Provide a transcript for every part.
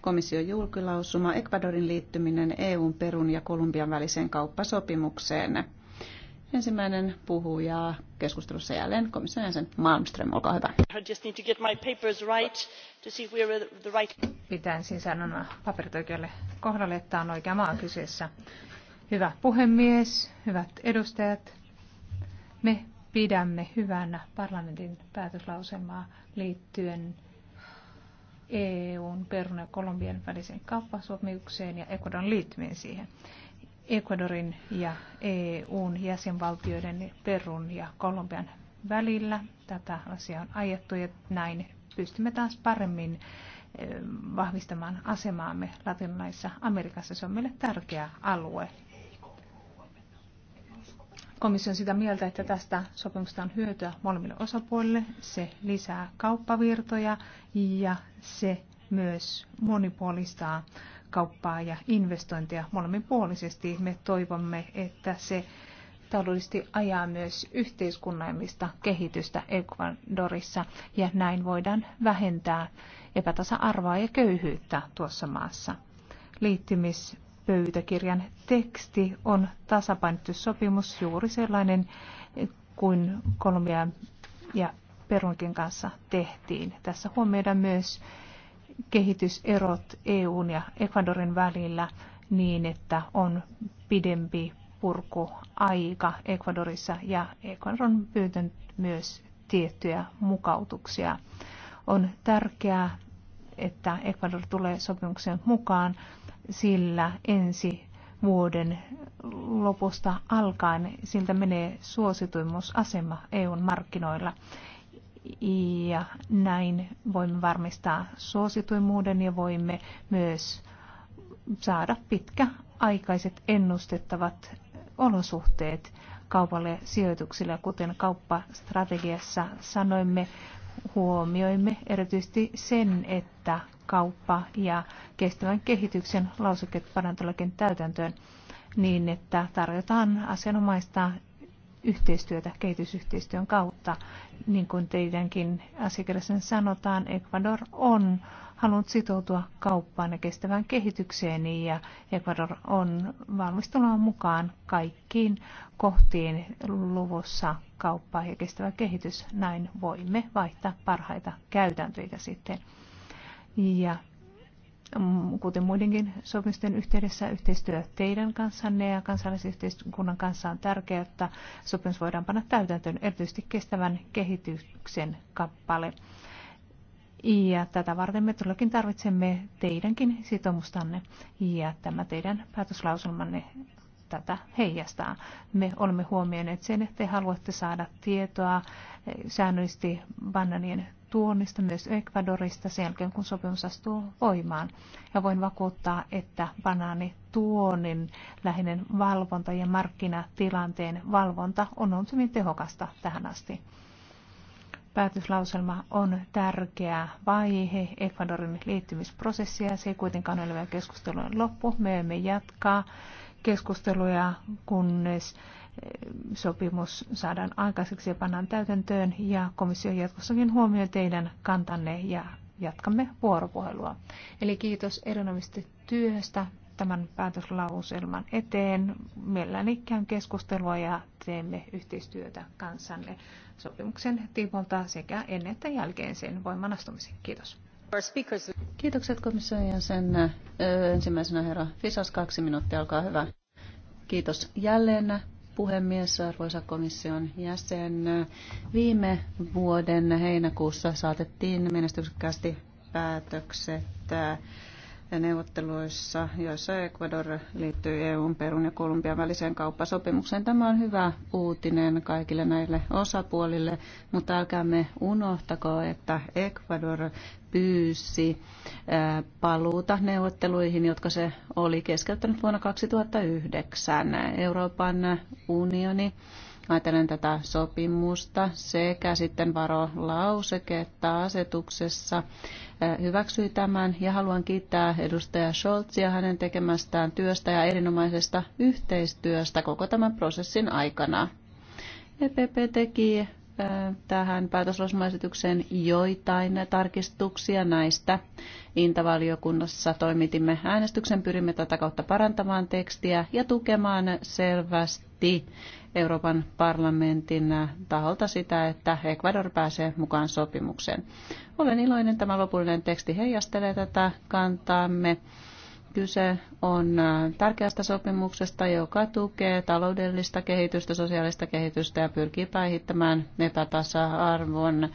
komission julkilausuma Ecuadorin liittyminen EUn, Perun ja Kolumbian väliseen kauppasopimukseen. Ensimmäinen puhuja keskustelussa jälleen komission jäsen Malmström, olkaa hyvä. Pitää siis sanoa paperit oikealle kohdalle, että on oikea maa kyseessä. Hyvä puhemies, hyvät edustajat, me pidämme hyvänä parlamentin päätöslauselmaa liittyen EUn, Perun ja Kolumbian väliseen kauppasopimukseen ja Ecuadorin liittymiseen siihen. Ecuadorin ja EUn jäsenvaltioiden niin Perun ja Kolumbian välillä. Tätä asiaa on ajettu ja näin pystymme taas paremmin eh, vahvistamaan asemaamme latinalaisessa Amerikassa. Se on meille tärkeä alue Komissio on sitä mieltä, että tästä sopimuksesta on hyötyä molemmille osapuolille. Se lisää kauppavirtoja ja se myös monipuolistaa kauppaa ja investointia molemminpuolisesti. Me toivomme, että se taloudellisesti ajaa myös yhteiskunnallista kehitystä Ecuadorissa ja näin voidaan vähentää epätasa-arvoa ja köyhyyttä tuossa maassa. Liittymis pöytäkirjan teksti on tasapainottu sopimus juuri sellainen kuin kolmia ja perunkin kanssa tehtiin. Tässä huomioidaan myös kehityserot EUn ja Ecuadorin välillä niin, että on pidempi purkuaika Ecuadorissa ja Ecuador on pyytänyt myös tiettyjä mukautuksia. On tärkeää, että Ecuador tulee sopimuksen mukaan, sillä ensi vuoden lopusta alkaen. Siltä menee suosituimmuusasema EUn markkinoilla. Ja näin voimme varmistaa suosituimmuuden ja voimme myös saada pitkäaikaiset ennustettavat olosuhteet kaupalle sijoituksille. Kuten kauppastrategiassa sanoimme, huomioimme erityisesti sen, että kauppa ja kestävän kehityksen lauseket parantolakin täytäntöön niin, että tarjotaan asianomaista yhteistyötä kehitysyhteistyön kautta. Niin kuin teidänkin asiakirjassanne sanotaan, Ecuador on halunnut sitoutua kauppaan ja kestävään kehitykseen ja Ecuador on valmistunut mukaan kaikkiin kohtiin luvussa kauppaa ja kestävä kehitys. Näin voimme vaihtaa parhaita käytäntöitä sitten ja mm, kuten muidenkin sopimusten yhteydessä, yhteistyö teidän kanssanne ja kansalaisyhteiskunnan kanssa on tärkeää, että sopimus voidaan panna täytäntöön, erityisesti kestävän kehityksen kappale. Ja tätä varten me todellakin tarvitsemme teidänkin sitoumustanne ja tämä teidän päätöslauselmanne tätä heijastaa. Me olemme huomioineet sen, että te haluatte saada tietoa eh, säännöllisesti bananien tuonnista myös Ecuadorista sen jälkeen, kun sopimus astuu voimaan. Ja voin vakuuttaa, että banaani tuonin lähinen valvonta ja markkinatilanteen valvonta on ollut hyvin tehokasta tähän asti. Päätöslauselma on tärkeä vaihe Ecuadorin liittymisprosessia. Se ei kuitenkaan ole vielä keskustelun loppu. Me emme jatkaa keskusteluja, kunnes eh, sopimus saadaan aikaiseksi ja pannaan täytäntöön ja komissio jatkossakin huomioi teidän kantanne ja jatkamme vuoropuhelua. Eli kiitos erinomaisesti työstä tämän päätöslauselman eteen. Mielelläni käyn keskustelua ja teemme yhteistyötä kanssanne sopimuksen tiimolta sekä ennen että jälkeen sen voimanastumisen. Kiitos. Kiitokset komission jäsen. Ensimmäisenä herra Fisas, kaksi minuuttia, olkaa hyvä. Kiitos jälleen puhemies, arvoisa komission jäsen. Viime vuoden heinäkuussa saatettiin menestyksekkäästi päätökset neuvotteluissa, joissa Ecuador liittyy EUn, Perun ja Kolumbian väliseen kauppasopimukseen. Tämä on hyvä uutinen kaikille näille osapuolille, mutta älkäämme unohtako, että Ecuador pyysi paluuta neuvotteluihin, jotka se oli keskeyttänyt vuonna 2009. Euroopan unioni ajatellen tätä sopimusta sekä sitten varolauseketta asetuksessa hyväksyi tämän ja haluan kiittää edustaja Scholzia hänen tekemästään työstä ja erinomaisesta yhteistyöstä koko tämän prosessin aikana. EPP teki tähän päätöslausumaesitykseen joitain tarkistuksia näistä. Intavaliokunnassa toimitimme äänestyksen, pyrimme tätä kautta parantamaan tekstiä ja tukemaan selvästi Euroopan parlamentin taholta sitä, että Ecuador pääsee mukaan sopimukseen. Olen iloinen, tämä lopullinen teksti heijastelee tätä kantaamme Kyse on äh, tärkeästä sopimuksesta, joka tukee taloudellista kehitystä, sosiaalista kehitystä ja pyrkii päihittämään epätasa-arvon. Äh,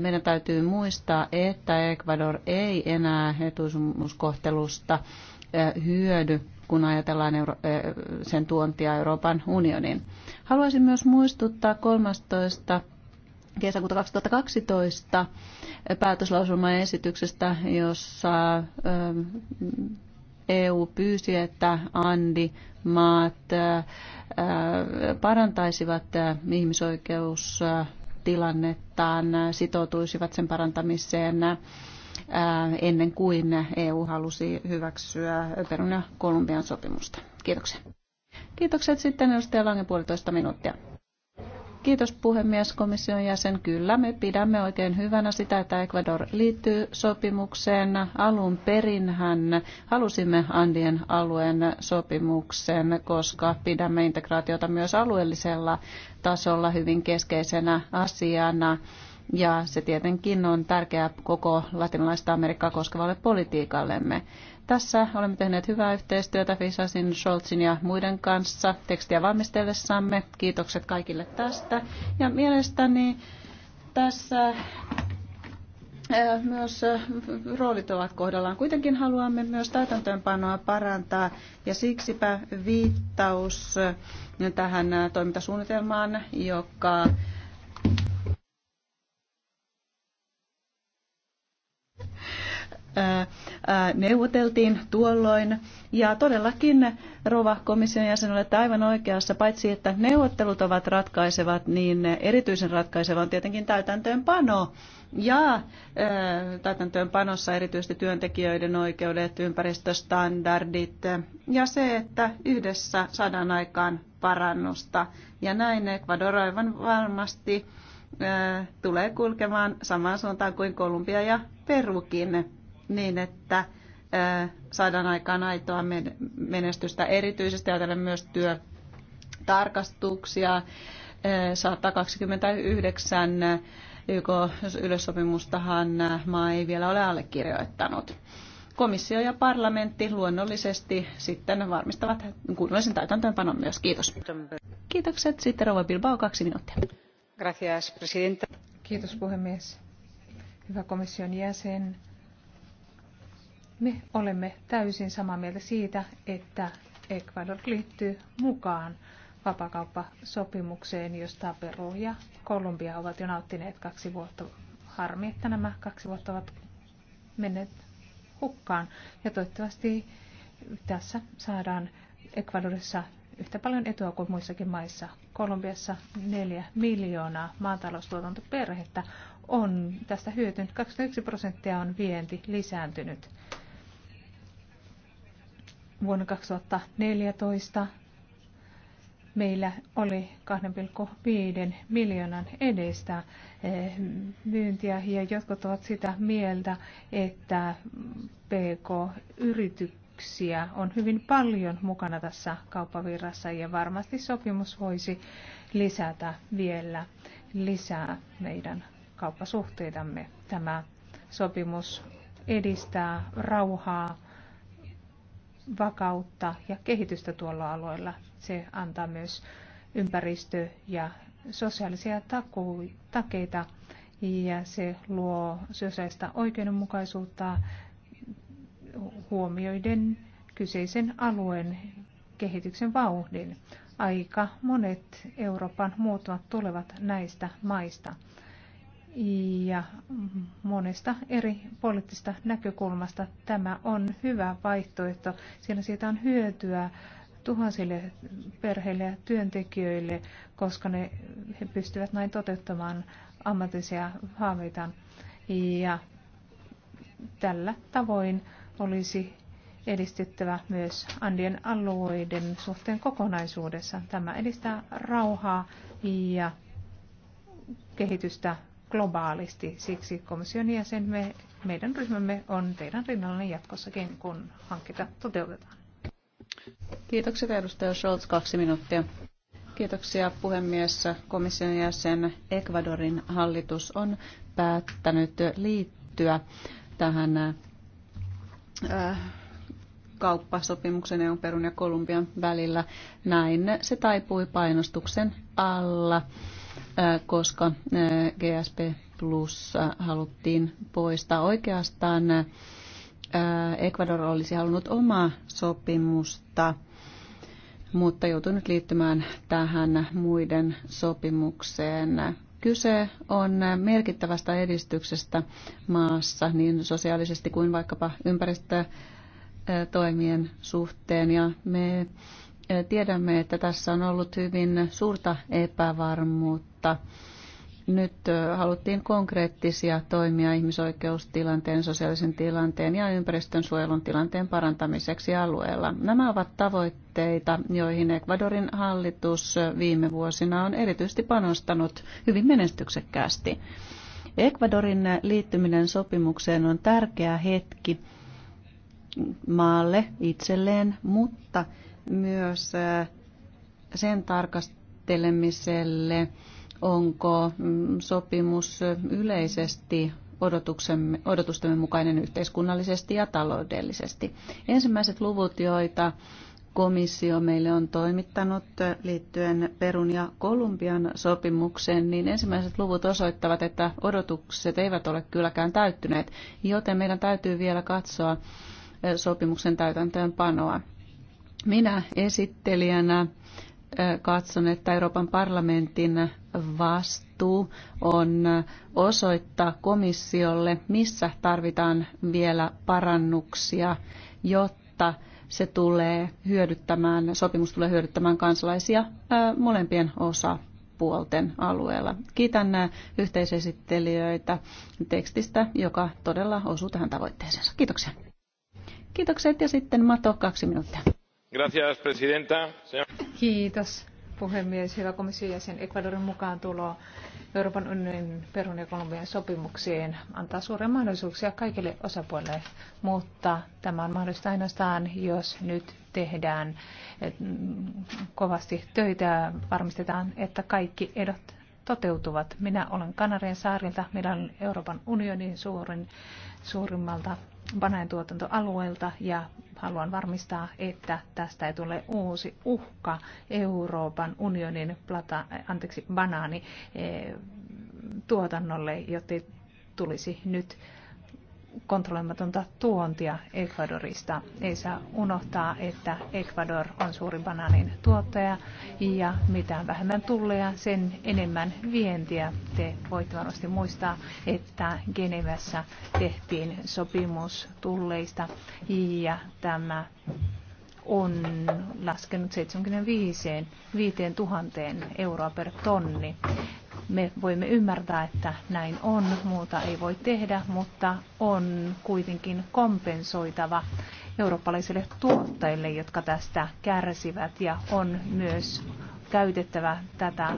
meidän täytyy muistaa, että Ecuador ei enää etuisuuskohtelusta äh, hyödy, kun ajatellaan euro- sen tuontia Euroopan unioniin. Haluaisin myös muistuttaa 13 kesäkuuta 2012 päätöslausumaesityksestä, jossa ähm, EU pyysi, että Andi maat äh, parantaisivat äh, ihmisoikeustilannettaan, äh, sitoutuisivat sen parantamiseen ennen kuin EU halusi hyväksyä Perun ja Kolumbian sopimusta. Kiitoksia. Kiitokset sitten edustaja Lange puolitoista minuuttia. Kiitos puhemies komission jäsen. Kyllä, me pidämme oikein hyvänä sitä, että Ecuador liittyy sopimukseen. Alun perinhän halusimme Andien alueen sopimuksen, koska pidämme integraatiota myös alueellisella tasolla hyvin keskeisenä asiana. Ja se tietenkin on tärkeää koko latinalaista Amerikkaa koskevalle politiikallemme. Tässä olemme tehneet hyvää yhteistyötä Fisasin, Scholzin ja muiden kanssa tekstiä valmistellessamme. Kiitokset kaikille tästä. Ja mielestäni tässä myös roolit ovat kohdallaan. Kuitenkin haluamme myös täytäntöönpanoa parantaa ja siksipä viittaus tähän toimintasuunnitelmaan, joka neuvoteltiin tuolloin. Ja todellakin Rova komission jäsen olette aivan oikeassa, paitsi että neuvottelut ovat ratkaisevat, niin erityisen ratkaiseva on tietenkin täytäntöönpano. Ja täytäntöönpanossa erityisesti työntekijöiden oikeudet, ympäristöstandardit ja se, että yhdessä saadaan aikaan parannusta. Ja näin Ecuador aivan varmasti tulee kulkemaan samaan suuntaan kuin Kolumbia ja Perukin niin, että saadaan aikaan aitoa menestystä erityisesti ajatellen myös työtarkastuksia. 129 YK yleissopimustahan maa ei vielä ole allekirjoittanut. Komissio ja parlamentti luonnollisesti sitten varmistavat kunnollisen täytäntöönpanon myös. Kiitos. Kiitokset. Sitten Rova Bilbao, kaksi minuuttia. Gracias, presidenta. Kiitos puhemies. Hyvä komission jäsen me olemme täysin samaa mieltä siitä, että Ecuador liittyy mukaan vapakauppasopimukseen, josta Peru ja Kolumbia ovat jo nauttineet kaksi vuotta. Harmi, että nämä kaksi vuotta ovat menneet hukkaan. Ja toivottavasti tässä saadaan Ecuadorissa yhtä paljon etua kuin muissakin maissa. Kolumbiassa neljä miljoonaa maataloustuotantoperhettä on tästä hyötynyt. 21 prosenttia on vienti lisääntynyt vuonna 2014 meillä oli 2,5 miljoonan edestä eh, myyntiä ja jotkut ovat sitä mieltä, että PK-yrityksiä on hyvin paljon mukana tässä kauppavirrassa ja varmasti sopimus voisi lisätä vielä lisää meidän kauppasuhteitamme. Tämä sopimus edistää rauhaa vakautta ja kehitystä tuolla alueella. Se antaa myös ympäristö- ja sosiaalisia taku- takeita ja se luo sosiaalista oikeudenmukaisuutta huomioiden kyseisen alueen kehityksen vauhdin. Aika monet Euroopan muutamat tulevat näistä maista ja monesta eri poliittisesta näkökulmasta tämä on hyvä vaihtoehto, sillä siitä on hyötyä tuhansille perheille ja työntekijöille, koska ne, he pystyvät näin toteuttamaan ammatillisia haaveitaan. Ja tällä tavoin olisi edistettävä myös Andien alueiden suhteen kokonaisuudessa. Tämä edistää rauhaa ja kehitystä globaalisti. Siksi komission jäsen me, meidän ryhmämme on teidän rinnallanne jatkossakin, kun hankkeita toteutetaan. Kiitokset edustaja Scholz, kaksi minuuttia. Kiitoksia puhemies. Komission jäsen Ecuadorin hallitus on päättänyt liittyä tähän äh, kauppasopimuksen EUn Perun ja Kolumbian välillä. Näin se taipui painostuksen alla koska GSP Plus haluttiin poistaa. Oikeastaan Ecuador olisi halunnut omaa sopimusta, mutta joutui nyt liittymään tähän muiden sopimukseen. Kyse on merkittävästä edistyksestä maassa niin sosiaalisesti kuin vaikkapa ympäristötoimien suhteen ja me tiedämme, että tässä on ollut hyvin suurta epävarmuutta. Nyt haluttiin konkreettisia toimia ihmisoikeustilanteen, sosiaalisen tilanteen ja ympäristön suojelun tilanteen parantamiseksi alueella. Nämä ovat tavoitteita, joihin Ecuadorin hallitus viime vuosina on erityisesti panostanut hyvin menestyksekkäästi. Ecuadorin liittyminen sopimukseen on tärkeä hetki maalle itselleen, mutta myös sen tarkastelemiselle, onko mm, sopimus yleisesti odotustemme mukainen yhteiskunnallisesti ja taloudellisesti. Ensimmäiset luvut, joita komissio meille on toimittanut liittyen Perun ja Kolumbian sopimukseen, niin ensimmäiset luvut osoittavat, että odotukset eivät ole kylläkään täyttyneet, joten meidän täytyy vielä katsoa sopimuksen täytäntöönpanoa. Minä esittelijänä katson, että Euroopan parlamentin vastuu on osoittaa komissiolle, missä tarvitaan vielä parannuksia, jotta se tulee hyödyttämään, sopimus tulee hyödyttämään kansalaisia molempien osapuolten alueella. Kiitän yhteisesittelijöitä tekstistä, joka todella osuu tähän tavoitteeseensa. Kiitoksia. Kiitokset ja sitten Mato kaksi minuuttia. Gracias, presidenta. Kiitos puhemies, hyvä komission jäsen. Ecuadorin mukaan tulo Euroopan unionin Perun ja Kolumbian sopimukseen antaa suuria mahdollisuuksia kaikille osapuolille, mutta tämä on mahdollista ainoastaan, jos nyt tehdään kovasti töitä ja varmistetaan, että kaikki edot toteutuvat. Minä olen Kanarian saarilta, meillä Euroopan unionin suurin, suurimmalta bananituotantoalueelta ja haluan varmistaa, että tästä ei tule uusi uhka Euroopan unionin plata, anteeksi, banaani eh, tuotannolle, jotta tulisi nyt kontrolloimatonta tuontia Ecuadorista. Ei saa unohtaa, että Ecuador on suuri banaanin tuottaja ja mitä vähemmän tulleja, sen enemmän vientiä. Te voitte varmasti muistaa, että Genevessä tehtiin sopimus tulleista ja tämä on laskenut 75 5000 euroa per tonni me voimme ymmärtää, että näin on, muuta ei voi tehdä, mutta on kuitenkin kompensoitava eurooppalaisille tuottajille, jotka tästä kärsivät ja on myös käytettävä tätä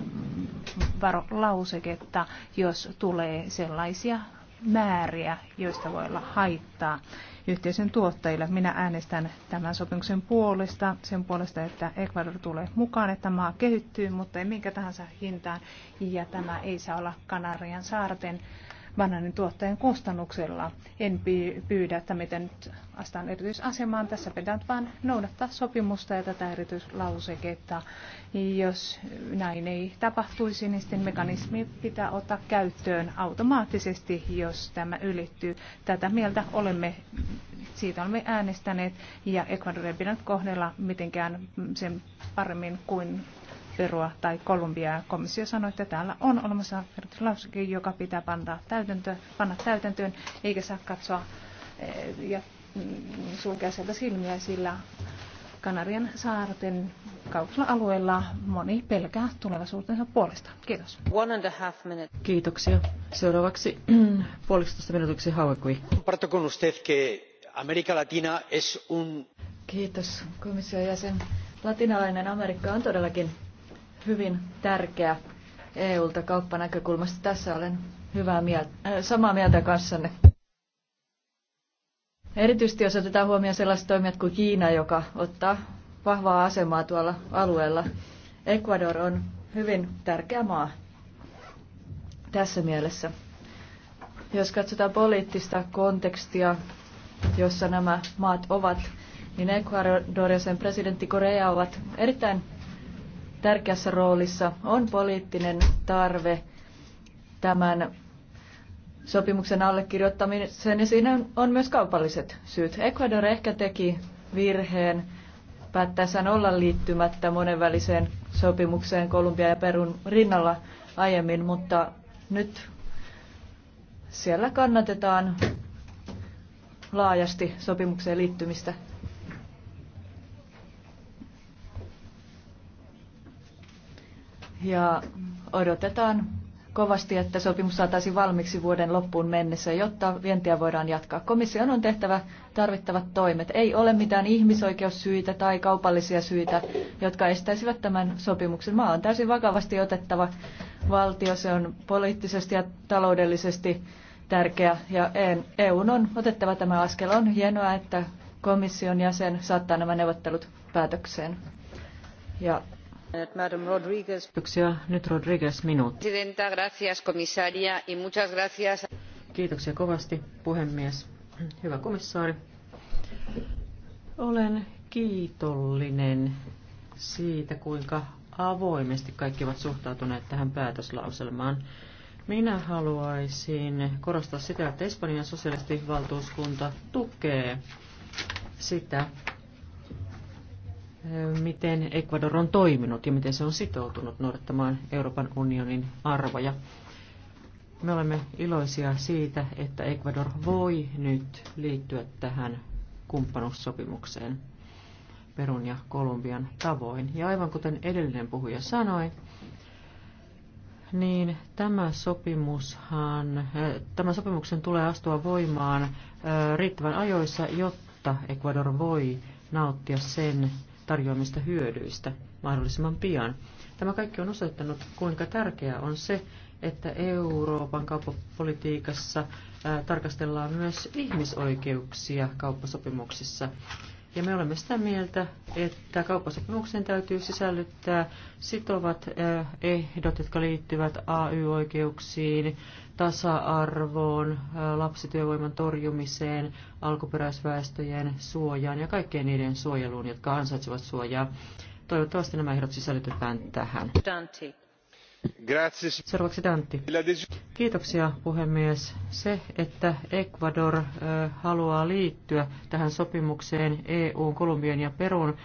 varolauseketta, jos tulee sellaisia määriä, joista voi olla haittaa yhteisön tuottajille. Minä äänestän tämän sopimuksen puolesta, sen puolesta, että Ecuador tulee mukaan, että maa kehittyy, mutta ei minkä tahansa hintaan. Ja tämä ei saa olla Kanarian saarten bananin tuottajan kustannuksella. En pyydä, että miten astaan erityisasemaan. Tässä pitää vain noudattaa sopimusta ja tätä erityislauseketta. Jos näin ei tapahtuisi, niin sitten mekanismi pitää ottaa käyttöön automaattisesti, jos tämä ylittyy. Tätä mieltä olemme siitä olemme äänestäneet ja Ecuador ei pidä kohdella mitenkään sen paremmin kuin Perua tai Kolumbiaa. Komissio sanoi, että täällä on olemassa lauseke, joka pitää panna täytäntöön, panna täytäntöön eikä saa katsoa eh, ja mm, sulkea sieltä silmiä, sillä Kanarian saarten kaukalla alueella moni pelkää tulevaisuutensa puolesta. Kiitos. One and a half minute. Kiitoksia. Seuraavaksi puolitoista minuutiksi Hauekui. Latina es un... Kiitos komission jäsen. Latinalainen Amerikka on todellakin hyvin tärkeä EUlta kauppanäkökulmasta. Tässä olen hyvää mieltä, äh, samaa mieltä kanssanne. Erityisesti jos otetaan huomioon sellaiset toimijat kuin Kiina, joka ottaa vahvaa asemaa tuolla alueella. Ecuador on hyvin tärkeä maa tässä mielessä. Jos katsotaan poliittista kontekstia, jossa nämä maat ovat, niin Ecuador ja sen presidentti Korea ovat erittäin tärkeässä roolissa on poliittinen tarve tämän sopimuksen allekirjoittamiseen ja siinä on myös kaupalliset syyt. Ecuador ehkä teki virheen päättäessään olla liittymättä monenväliseen sopimukseen Kolumbia ja Perun rinnalla aiemmin, mutta nyt siellä kannatetaan laajasti sopimukseen liittymistä. ja odotetaan kovasti, että sopimus saataisiin valmiiksi vuoden loppuun mennessä, jotta vientiä voidaan jatkaa. Komission on tehtävä tarvittavat toimet. Ei ole mitään ihmisoikeussyitä tai kaupallisia syitä, jotka estäisivät tämän sopimuksen. Maa on täysin vakavasti otettava valtio. Se on poliittisesti ja taloudellisesti tärkeä ja EUn on otettava tämä askel. On hienoa, että komission jäsen saattaa nämä neuvottelut päätökseen. Ja Kiitoksia. Nyt Rodriguez minuutti. Kiitoksia kovasti, puhemies. Hyvä komissaari. Olen kiitollinen siitä, kuinka avoimesti kaikki ovat suhtautuneet tähän päätöslauselmaan. Minä haluaisin korostaa sitä, että Espanjan sosialistivaltuuskunta tukee sitä, miten Ecuador on toiminut ja miten se on sitoutunut noudattamaan Euroopan unionin arvoja. Me olemme iloisia siitä, että Ecuador voi nyt liittyä tähän kumppanuussopimukseen Perun ja Kolumbian tavoin. Ja aivan kuten edellinen puhuja sanoi, niin tämä, sopimushan, tämä sopimuksen tulee astua voimaan riittävän ajoissa, jotta Ecuador voi nauttia sen tarjoamista hyödyistä mahdollisimman pian. Tämä kaikki on osoittanut, kuinka tärkeää on se, että Euroopan kauppapolitiikassa tarkastellaan myös ihmisoikeuksia kauppasopimuksissa. Ja me olemme sitä mieltä, että kauppasopimukseen täytyy sisällyttää sitovat äh, ehdot, jotka liittyvät AY-oikeuksiin, tasa-arvoon, äh, lapsityövoiman torjumiseen, alkuperäisväestöjen suojaan ja kaikkien niiden suojeluun, jotka ansaitsevat suojaa. Toivottavasti nämä ehdot sisällytetään tähän. Dante. Seuraavaksi Kiitoksia puhemies. Se, että Ecuador haluaa liittyä tähän sopimukseen EUn, Kolumbian ja Perun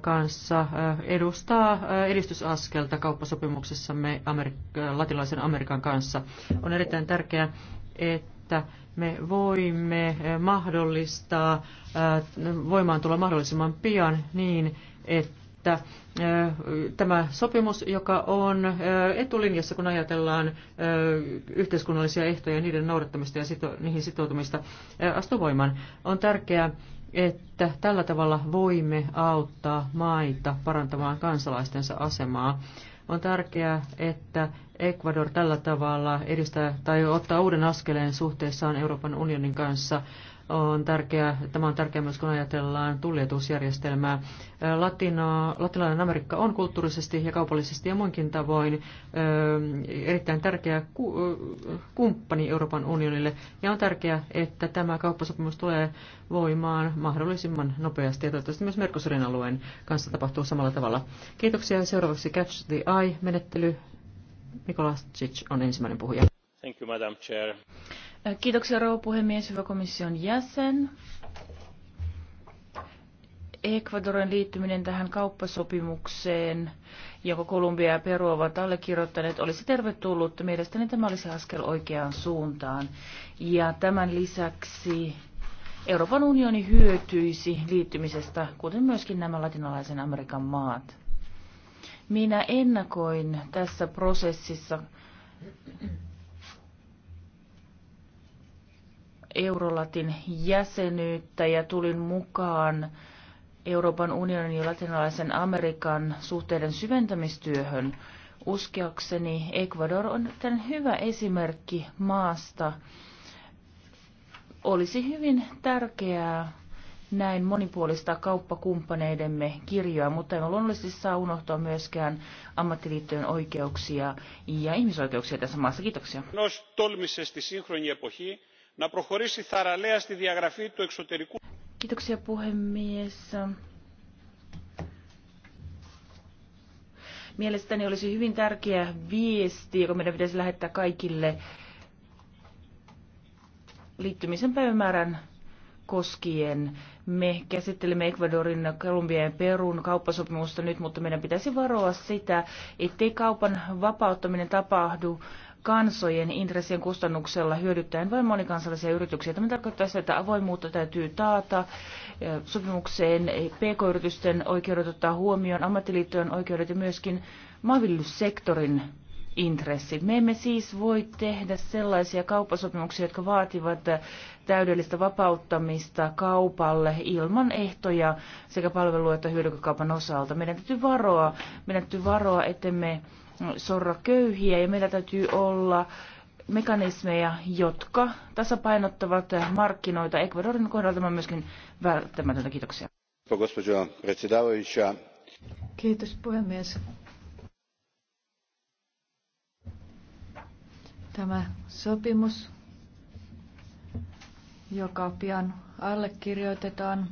kanssa, edustaa edistysaskelta kauppasopimuksessamme Amerik- latinalaisen Amerikan kanssa. On erittäin tärkeää, että me voimme mahdollistaa voimaan tulla mahdollisimman pian niin, että että tämä sopimus, joka on etulinjassa, kun ajatellaan yhteiskunnallisia ehtoja ja niiden noudattamista ja sito, niihin sitoutumista, astuu voimaan. On tärkeää, että tällä tavalla voimme auttaa maita parantamaan kansalaistensa asemaa. On tärkeää, että Ecuador tällä tavalla edistää tai ottaa uuden askeleen suhteessaan Euroopan unionin kanssa on tärkeä, tämä on tärkeää myös kun ajatellaan tuljetusjärjestelmää. Latino, latinalainen Amerikka on kulttuurisesti ja kaupallisesti ja muinkin tavoin erittäin tärkeä kumppani Euroopan unionille ja on tärkeää, että tämä kauppasopimus tulee voimaan mahdollisimman nopeasti ja toivottavasti myös Merkosurin alueen kanssa tapahtuu samalla tavalla. Kiitoksia. Seuraavaksi Catch the Eye-menettely. Mikolas Cic on ensimmäinen puhuja. Thank you, Madam Chair. Kiitoksia rouva puhemies, hyvä komission jäsen. Ecuadorin liittyminen tähän kauppasopimukseen, jonka Kolumbia ja Peru ovat allekirjoittaneet, olisi tervetullut. Mielestäni tämä olisi askel oikeaan suuntaan. Ja tämän lisäksi Euroopan unioni hyötyisi liittymisestä, kuten myöskin nämä latinalaisen Amerikan maat. Minä ennakoin tässä prosessissa Eurolatin jäsenyyttä ja tulin mukaan Euroopan unionin ja latinalaisen Amerikan suhteiden syventämistyöhön. Uskeakseni Ecuador on tämän hyvä esimerkki maasta. Olisi hyvin tärkeää näin monipuolista kauppakumppaneidemme kirjoa, mutta emme luonnollisesti saa unohtaa myöskään ammattiliittojen oikeuksia ja ihmisoikeuksia tässä maassa. Kiitoksia να προχωρήσει θαραλέα στη διαγραφή του εξωτερικού... puhemies. Mielestäni olisi hyvin tärkeä viesti, joka meidän pitäisi lähettää kaikille liittymisen päivämäärän koskien. Me käsittelemme Ecuadorin, Kolumbian ja Perun kauppasopimusta nyt, mutta meidän pitäisi varoa sitä, ettei kaupan vapauttaminen tapahdu kansojen intressien kustannuksella hyödyttäen vain monikansallisia yrityksiä. Tämä tarkoittaa sitä, että avoimuutta täytyy taata sopimukseen pk-yritysten oikeudet ottaa huomioon, ammattiliittojen oikeudet ja myöskin maanviljelyssektorin intressit. Me emme siis voi tehdä sellaisia kauppasopimuksia, jotka vaativat täydellistä vapauttamista kaupalle ilman ehtoja sekä palvelu- että hyödykekaupan osalta. Meidän täytyy varoa, meidän täytyy varoa, ettemme me sorra köyhiä ja meillä täytyy olla mekanismeja, jotka tasapainottavat markkinoita. Ecuadorin kohdalla tämä on myöskin välttämätöntä. Kiitoksia. Kiitos puhemies. Tämä sopimus, joka pian allekirjoitetaan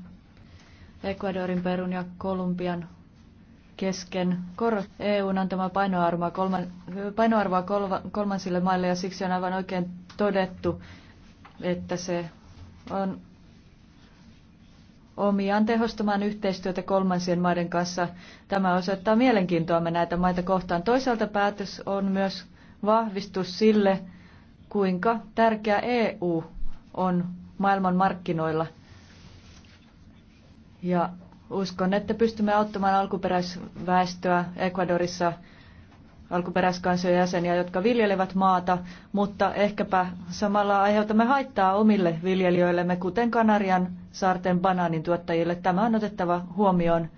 Ecuadorin, Perun ja Kolumbian kesken. Kor EUn antama painoarvoa, kolman, painoarvoa kolmansille maille ja siksi on aivan oikein todettu, että se on omiaan tehostamaan yhteistyötä kolmansien maiden kanssa. Tämä osoittaa me näitä maita kohtaan. Toisaalta päätös on myös vahvistus sille, kuinka tärkeä EU on maailman markkinoilla. Ja Uskon, että pystymme auttamaan alkuperäisväestöä Ecuadorissa, alkuperäiskansojen jäseniä, jotka viljelevät maata, mutta ehkäpä samalla aiheutamme haittaa omille viljelijöillemme, kuten Kanarian saarten banaanin tuottajille. Tämä on otettava huomioon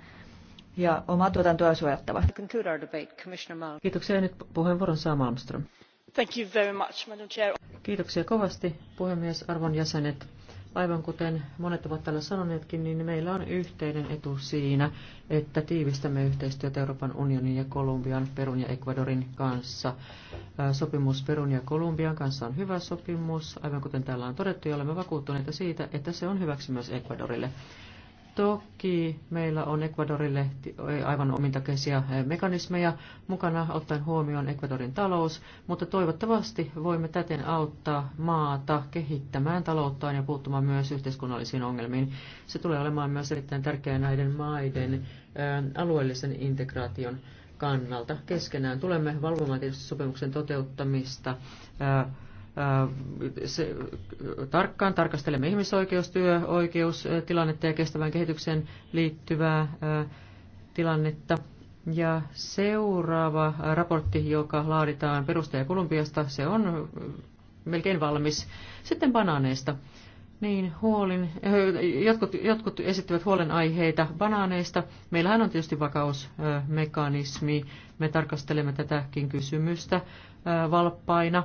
ja omaa tuotantoa suojattava. Kiitoksia. Nyt puheenvuoron saa Malmström. Thank you very much, Chair. Kiitoksia kovasti, puhemies, arvon jäsenet. Aivan kuten monet ovat täällä sanoneetkin, niin meillä on yhteinen etu siinä, että tiivistämme yhteistyötä Euroopan unionin ja Kolumbian, Perun ja Ecuadorin kanssa. Sopimus Perun ja Kolumbian kanssa on hyvä sopimus, aivan kuten täällä on todettu, ja olemme vakuuttuneita siitä, että se on hyväksi myös Ecuadorille. Toki meillä on Ecuadorille aivan omintakeisia mekanismeja mukana ottaen huomioon Ecuadorin talous, mutta toivottavasti voimme täten auttaa maata kehittämään talouttaan ja puuttumaan myös yhteiskunnallisiin ongelmiin. Se tulee olemaan myös erittäin tärkeää näiden maiden alueellisen integraation kannalta keskenään. Tulemme valvomaan tietysti sopimuksen toteuttamista se, tarkkaan tarkastelemme ihmisoikeustyö, oikeustilannetta ja kestävän kehityksen liittyvää tilannetta. Ja seuraava raportti, joka laaditaan perustaja Kolumbiasta, se on melkein valmis. Sitten banaaneista. Niin, huolin. Jotkut, jotkut esittävät huolenaiheita banaaneista. Meillähän on tietysti vakausmekanismi. Me tarkastelemme tätäkin kysymystä valppaina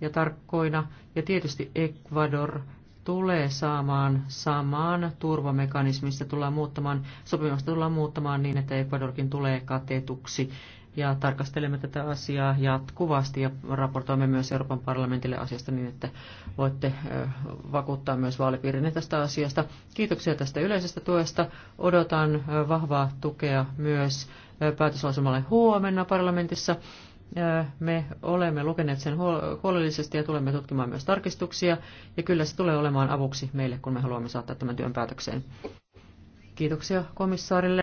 ja tarkkoina. Ja tietysti Ecuador tulee saamaan samaan turvamekanismista tullaan muuttamaan, sopimusta tullaan muuttamaan niin, että Ecuadorkin tulee katetuksi. Ja tarkastelemme tätä asiaa jatkuvasti ja raportoimme myös Euroopan parlamentille asiasta niin, että voitte vakuuttaa myös vaalipiirinne tästä asiasta. Kiitoksia tästä yleisestä tuesta. Odotan vahvaa tukea myös päätöslausumalle huomenna parlamentissa. Äh, me olemme lukeneet sen huolellisesti ja tulemme tutkimaan myös tarkistuksia, ja kyllä se tulee olemaan avuksi meille, kun me haluamme saattaa tämän työn päätökseen. Kiitoksia komissaarille.